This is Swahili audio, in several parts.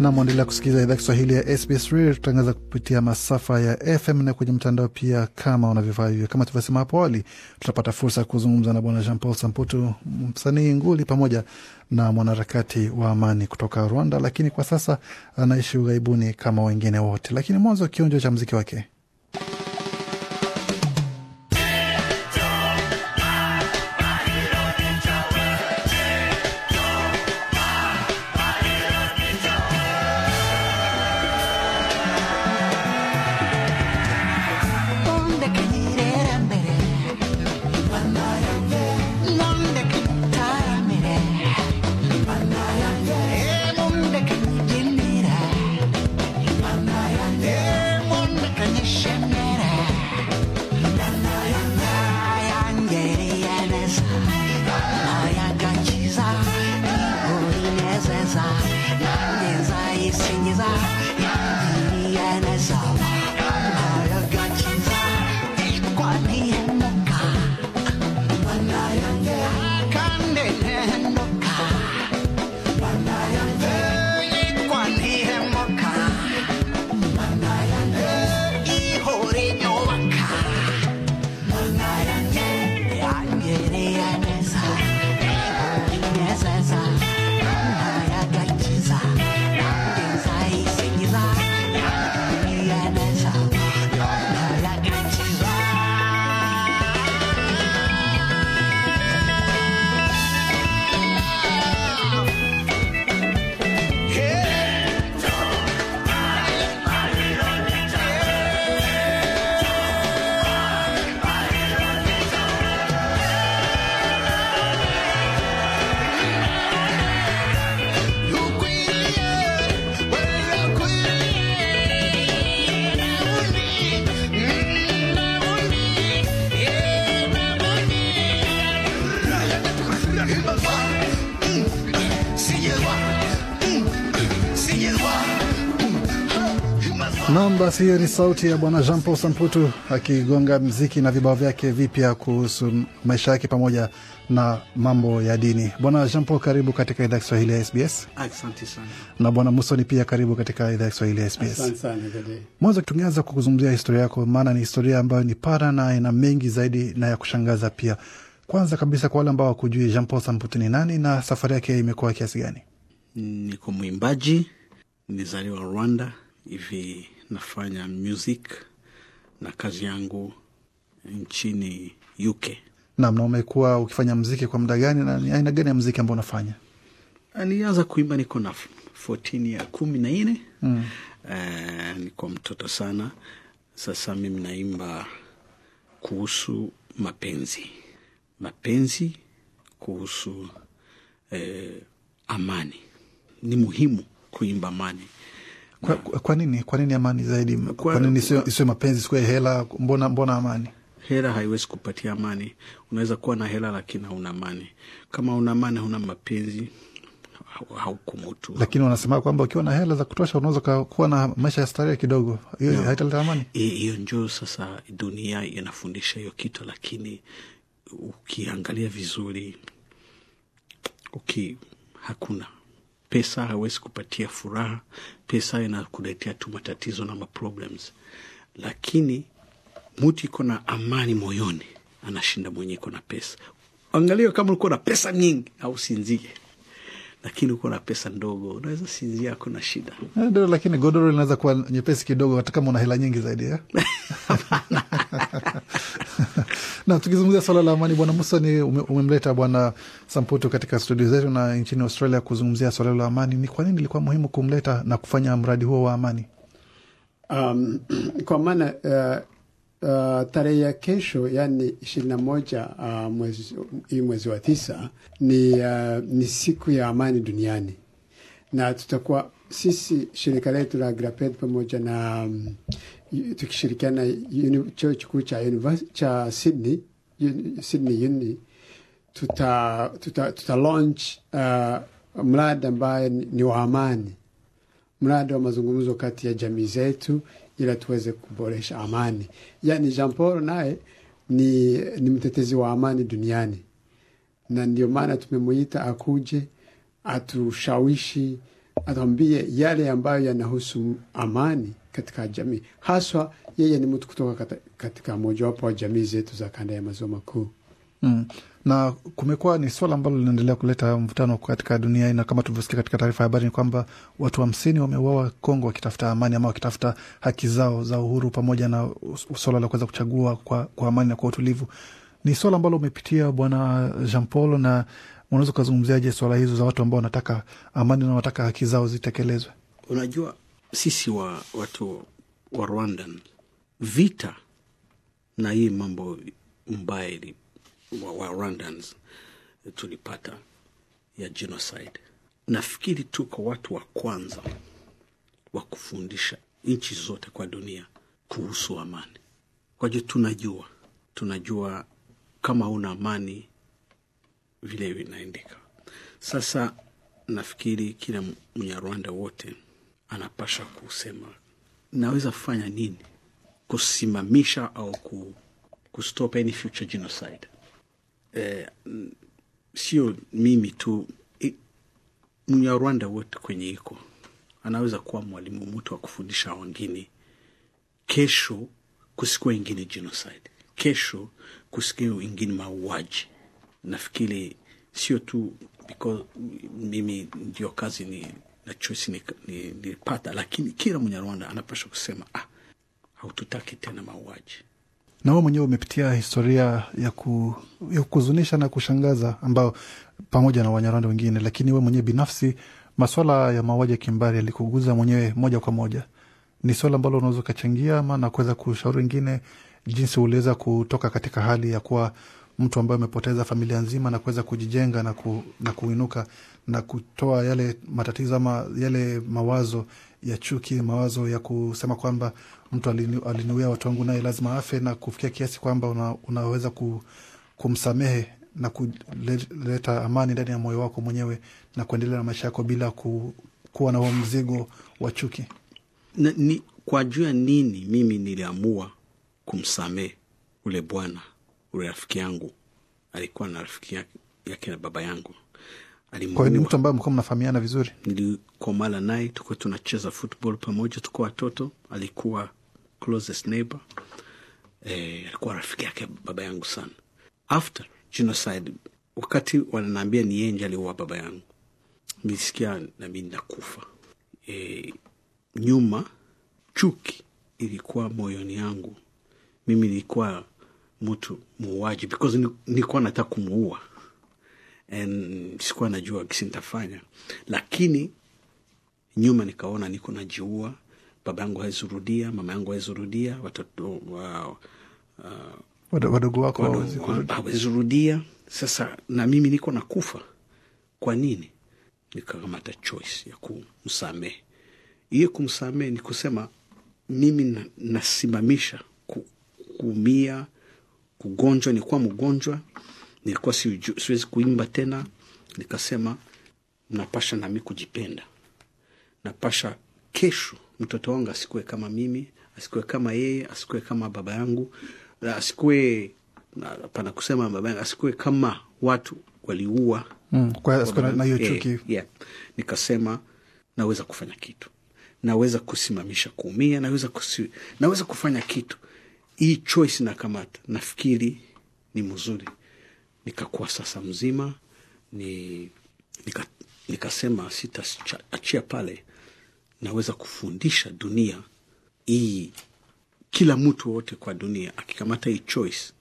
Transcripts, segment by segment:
na mwendelea kusikiliza idhaa Kiswahili ya SBS Radio, tutangaza kupitia masafa ya FM na kwenye mtandao pia. Kama una vifaa hivyo, kama tulivyosema hapo awali, tutapata fursa ya kuzungumza na Bwana Jean Paul Samputu, msanii nguli pamoja na mwanaharakati wa amani kutoka Rwanda, lakini kwa sasa anaishi ughaibuni kama wengine wote. Lakini mwanzo, kionjo cha mziki wake Nam, basi hiyo ni sauti ya bwana Jean Paul Samputu akigonga mziki na vibao vyake vipya kuhusu maisha yake pamoja na mambo ya dini. Bwana Jean Paul, karibu katika idhaa ya Kiswahili ya SBS. Asante sana. Na bwana Musoni pia karibu katika idhaa ya Kiswahili ya SBS. Asante sana. Mwanzo tungeanza kuzungumzia historia yako, maana ni historia ambayo ni pana na ina mengi zaidi na ya kushangaza pia. Kwanza kabisa, kwa wale ambao wakujui, Jean Paul Samputu ni nani na safari yake imekuwa kiasi gani? Niko mwimbaji, nizaliwa Rwanda hivi nafanya music na kazi yangu nchini UK. nam Na umekuwa ukifanya mziki kwa muda gani na ni aina gani ya mziki ambao unafanya? Nilianza kuimba niko na 14 ya kumi na nne. Mm. Uh, niko mtoto sana. Sasa mimi naimba kuhusu mapenzi, mapenzi kuhusu eh, amani. Ni muhimu kuimba amani kwa, kwa nini kwa nini amani zaidi? Kwa nini isiwe mapenzi, sikue hela? Mbona mbona amani? Hela haiwezi kupatia amani. Unaweza kuwa na hela lakini hauna amani. Kama una amani hauna mapenzi haukumutu. Lakini wanasema kwamba ukiwa na hela za kutosha unaweza kuwa na maisha ya starehe kidogo, hiyo no. haitaleta amani. Hiyo njoo sasa, dunia inafundisha hiyo kitu, lakini ukiangalia vizuri, uki hakuna Pesa hawezi kupatia furaha, pesa inakuletea tu matatizo na maproblems. Lakini mtu iko na amani moyoni anashinda mwenye iko na pesa. angalio kama ulikuwa na pesa nyingi au sinzie, lakini uko na pesa ndogo, unaweza sinzia, hakuna shida. Eh, ndio, lakini godoro linaweza kuwa nyepesi kidogo, hata kama una hela nyingi zaidi. Eh? na tukizungumzia swala la amani, Bwana Musa ni umemleta Bwana Samputu katika studio zetu na nchini Australia kuzungumzia swala la amani. Ni kwa nini ilikuwa muhimu kumleta na kufanya mradi huo wa amani? Um, kwa maana uh, Uh, tarehe ya kesho yani ishirini na moja uh, mwezi, hii mwezi wa tisa ni, uh, ni siku ya amani duniani na tutakuwa sisi shirika letu la Graped pamoja na mm, tukishirikiana na chuo kikuu cha, cha Sydney, Sydney uni tuta, tuta, tuta launch uh, mradi ambaye ni wa amani, mradi wa mazungumzo kati ya jamii zetu ili tuweze kuboresha amani. Yani Jean Paul naye ni, ni mtetezi wa amani duniani na ndio maana tumemuita akuje atushawishi, atuambie yale ambayo yanahusu amani katika jamii. Haswa yeye ni mtu kutoka katika mojawapo wa jamii zetu za kanda ya maziwa makuu. Mm. Na kumekuwa ni swala ambalo linaendelea kuleta mvutano katika dunia, na kama tulivyosikia katika taarifa ya habari ni kwamba watu hamsini wameuawa Kongo wakitafuta amani ama wakitafuta haki zao za uhuru pamoja na swala la kuweza kuchagua kwa, kwa amani na kwa utulivu. Ni swala ambalo umepitia Bwana Jean Paul, na unaweza ukazungumziaje swala hizo za watu ambao wanataka amani na wanataka haki zao zitekelezwe? Unajua, sisi wa watu wa Rwanda, vita na hii mambo mbaya wa, wa Rwandans tulipata ya genocide, nafikiri tuko watu wa kwanza wa kufundisha nchi zote kwa dunia kuhusu amani. Kwa hiyo tunajua tunajua, kama una amani vile inaendeka. Sasa nafikiri kila Mnyarwanda wote anapasha kusema naweza kufanya nini kusimamisha au ku, kustop any future genocide. Eh, sio mimi tu Mnyarwanda wote kwenye iko anaweza kuwa mwalimu mtu wa kufundisha wengine. Kesho kusikuwa ingine genocide, kesho kusikuwa ingine mauaji nafikiri sio tu mimi ndio kazi ni na choisi nilipata, lakini kila Mnyarwanda anapaswa kusema ah, haututaki tena mauaji. Na wewe mwenyewe umepitia historia ya, ku, ya kuzunisha na kushangaza ambao pamoja na Wanyarwanda wengine, lakini we mwenyewe binafsi maswala ya mauaji ya kimbari yalikuguza mwenyewe moja kwa moja. Ni swala ambalo unaweza ukachangia ama na kuweza kushauri wengine jinsi uliweza kutoka katika hali ya kuwa mtu ambaye amepoteza familia nzima na kuweza kujijenga na, ku, na kuinuka na kutoa yale matatizo ama yale mawazo ya chuki, mawazo ya kusema kwamba mtu aliniwia watu wangu naye lazima afe, na kufikia kiasi kwamba una, unaweza ku, kumsamehe na kuleta amani ndani ya moyo wako mwenyewe na kuendelea na maisha yako bila ku, kuwa na huo mzigo wa chuki. Na, ni, kwa juu ya nini mimi niliamua kumsamehe ule bwana rafiki yangu alikuwa na rafiki yake na baba yangu kwa ni mtu ambaye mlikuwa mnafahamiana vizuri. Nilikomala naye, tukuwa tunacheza football pamoja, tukuwa watoto. Alikuwa closest neighbor e, alikuwa rafiki yake baba yangu sana. After genocide, wakati wananaambia ni yeye ndiye aliua baba yangu, nilisikia nami nakufa. E, nyuma chuki ilikuwa moyoni yangu, mimi nilikuwa mtu muuaji because nilikuwa nataka kumuua and sikuwa najua kisi nitafanya, lakini nyuma nikaona niko najiua, baba yangu hawezirudia, mama yangu hawezirudia, watoto uh, wadogo wako hawezirudia. Sasa na mimi niko nakufa, kwa nini? Nikakamata choice ya kumsamehe. Hiyo kumsamehe ni kusema mimi nasimamisha kuumia kugonjwa, nilikuwa mgonjwa, nilikuwa siwezi kuimba tena. Nikasema napasha nami kujipenda, napasha kesho mtoto wangu asikuwe kama mimi, asikuwe kama yeye, asikuwe kama baba yangu, asikuwe pana kusema baba yangu, asikuwe kama watu waliua mm, na hiyo chuki eh, yeah. Nikasema naweza kufanya kitu, naweza kusimamisha kuumia, naweza, kusi, naweza kufanya kitu hii choice nakamata, nafikiri ni mzuri. Nikakuwa sasa mzima ni, nika, nikasema sitaachia pale, naweza kufundisha dunia hii. Kila mtu wote kwa dunia akikamata hii choice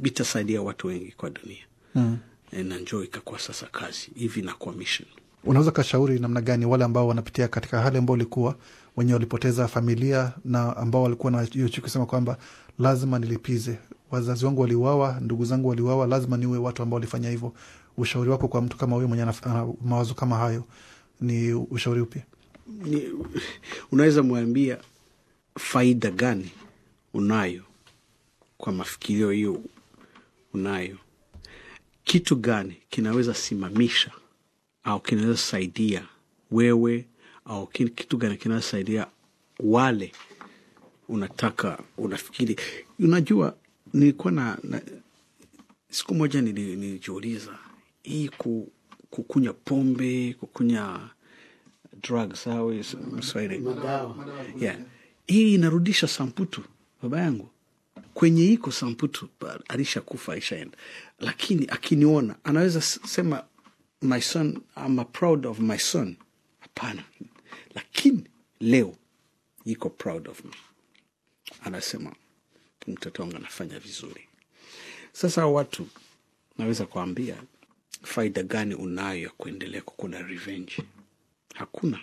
bitasaidia watu wengi kwa dunia mm. E, na njoo ikakuwa sasa kazi hivi na mishn mission. Unaweza kashauri namna gani wale ambao wanapitia katika hali ambao ulikuwa wenye walipoteza familia na ambao walikuwa na hiyo chuki, kusema kwamba lazima nilipize, wazazi wangu waliuawa, ndugu zangu waliuawa, lazima niue watu ambao walifanya hivyo. Ushauri wako kwa mtu kama huyo mwenye ana mawazo kama hayo ni ushauri upi? Ni, unaweza mwambia faida gani unayo kwa mafikirio hiyo unayo? Kitu gani kinaweza simamisha au kinaweza saidia wewe au kitu gani kinasaidia wale unataka unafikiri. Unajua, nilikuwa na, na siku moja nilijiuliza hii ku, kukunya pombe kukunya drugs Mswahili yeah, hii inarudisha Samputu baba yangu kwenye iko Samputu alishakufa aishaenda, lakini akiniona anaweza sema my son, I'm proud of my son. Hapana, lakini leo iko proud of me, anasema mtoto wangu anafanya vizuri. Sasa watu naweza kuambia faida gani unayo ya kuendelea kukuna revenge? Hakuna.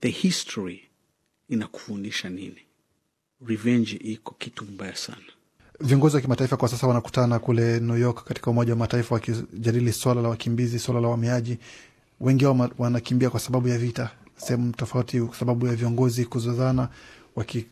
The history inakufundisha nini? Revenge iko kitu mbaya sana. Viongozi wa kimataifa kwa sasa wanakutana kule New York katika Umoja wa Mataifa wakijadili swala la wakimbizi, swala la wamiaji Wengi wao wanakimbia kwa sababu ya vita sehemu tofauti kwa sababu ya viongozi kuzozana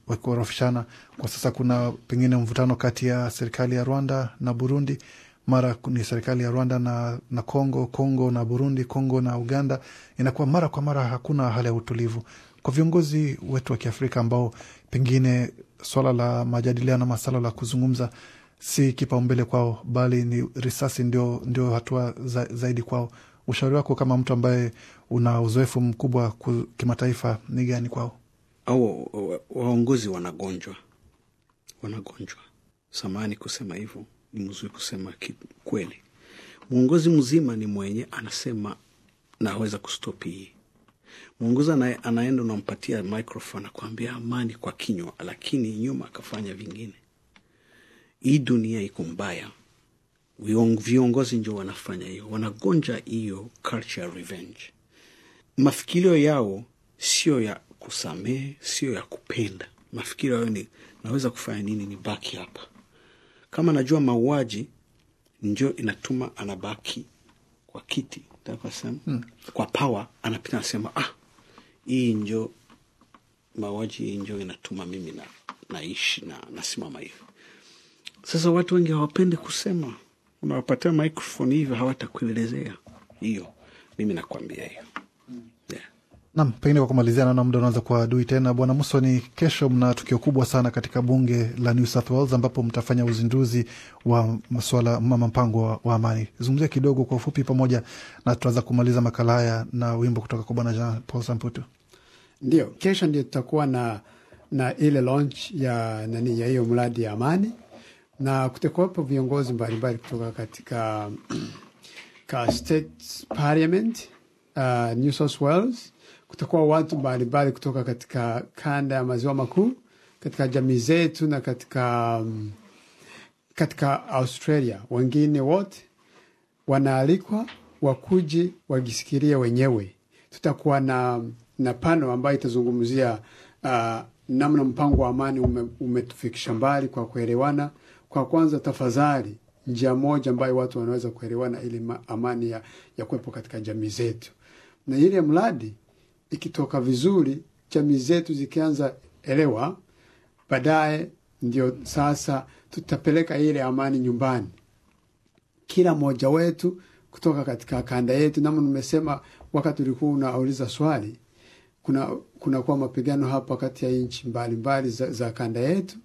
wakiorofishana kwa sasa. Kuna pengine mvutano kati ya serikali ya Rwanda na Burundi, mara ni serikali ya Rwanda na, na Kongo, Kongo na Burundi, Kongo na Uganda. Inakuwa mara kwa mara, hakuna hali ya utulivu kwa viongozi wetu wa Kiafrika ambao pengine swala la majadiliano ama swala la kuzungumza si kipaumbele kwao, bali ni risasi ndio, ndio hatua za, zaidi kwao ushauri wako kama mtu ambaye una uzoefu mkubwa kimataifa ni gani kwao? Au waongozi wanagonjwa, wanagonjwa. samani kusema hivyo, ni mzuri kusema kweli. Mwongozi mzima ni mwenye anasema naweza kustopi hii. Mwongozi anaenda unampatia microphone, akuambia amani kwa kinywa, lakini nyuma akafanya vingine. Hii dunia iko mbaya viongozi njo wanafanya hiyo, wanagonja hiyo culture revenge. Mafikirio yao sio ya kusamehe, sio ya kupenda. Mafikirio yao ni naweza kufanya nini baki hapa, kama najua mauaji njo inatuma anabaki kwa kiti takasema hmm. kwa pawa anapita anasema, ah, hii njo mauaji, hii njo inatuma mimi na naishi na nasimama hivi. Sasa watu wengi hawapendi kusema unawapatia microphone hivyo hawatakuelezea hiyo. Mimi nakwambia hiyo Nam, pengine kwa kumalizia, naona muda unaanza kuwa adui tena. Bwana ni kesho mna tukio kubwa sana katika bunge la New South Wales ambapo mtafanya uzinduzi wa masuala mama mpango wa, wa amani. Zungumzia kidogo kwa ufupi, pamoja na tutaweza kumaliza makala haya na wimbo kutoka kwa Bwana Jean Paul Samputu. Ndio, kesho ndio tutakuwa na na ile launch ya nani ya hiyo mradi ya amani na kutakuwepo viongozi mbalimbali kutoka katika ka state parliament uh, New South Wales. Kutakuwa watu mbalimbali kutoka katika kanda ya maziwa makuu katika jamii zetu na katika um, katika Australia. Wengine wote wanaalikwa wakuje wajisikirie wenyewe. Tutakuwa na na pano ambayo itazungumzia uh, namna mpango wa amani ume, umetufikisha mbali kwa kuelewana kwa kwanza, tafadhali, njia moja ambayo watu wanaweza kuelewana ili amani ya, ya kuwepo katika jamii zetu, na ile mradi ikitoka vizuri, jamii zetu zikianza elewa, baadaye ndio sasa tutapeleka ile amani nyumbani, kila mmoja wetu kutoka katika kanda yetu. Namna nimesema wakati ulikuwa unauliza swali, kuna kunakuwa mapigano hapa kati ya nchi mbalimbali za, za kanda yetu.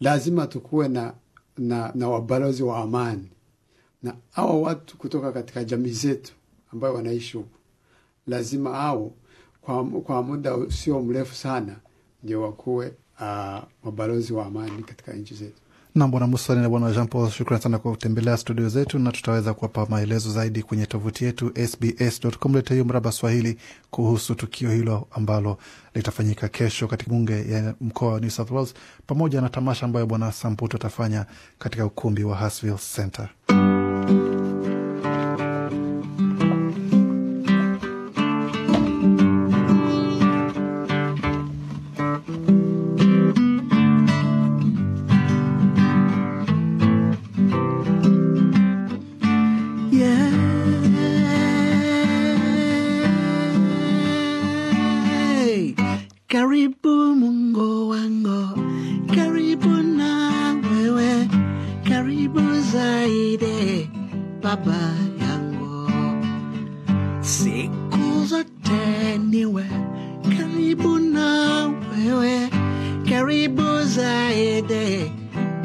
Lazima tukuwe na na, na wabalozi wa amani na hawa watu kutoka katika jamii zetu ambayo wanaishi huko lazima hao kwa, kwa muda usio mrefu sana ndio wakuwe uh, ah, mabalozi wa amani katika nchi zetu. Nam Bwana Musoni na Bwana Jean Paul, shukran sana kwa kutembelea studio zetu, na tutaweza kuwapa maelezo zaidi kwenye tovuti yetu sbs.com.au mraba Swahili kuhusu tukio hilo ambalo litafanyika kesho katika bunge ya mkoa wa New South Wales pamoja na tamasha ambayo Bwana Samputu atafanya katika ukumbi wa Hurstville Centre.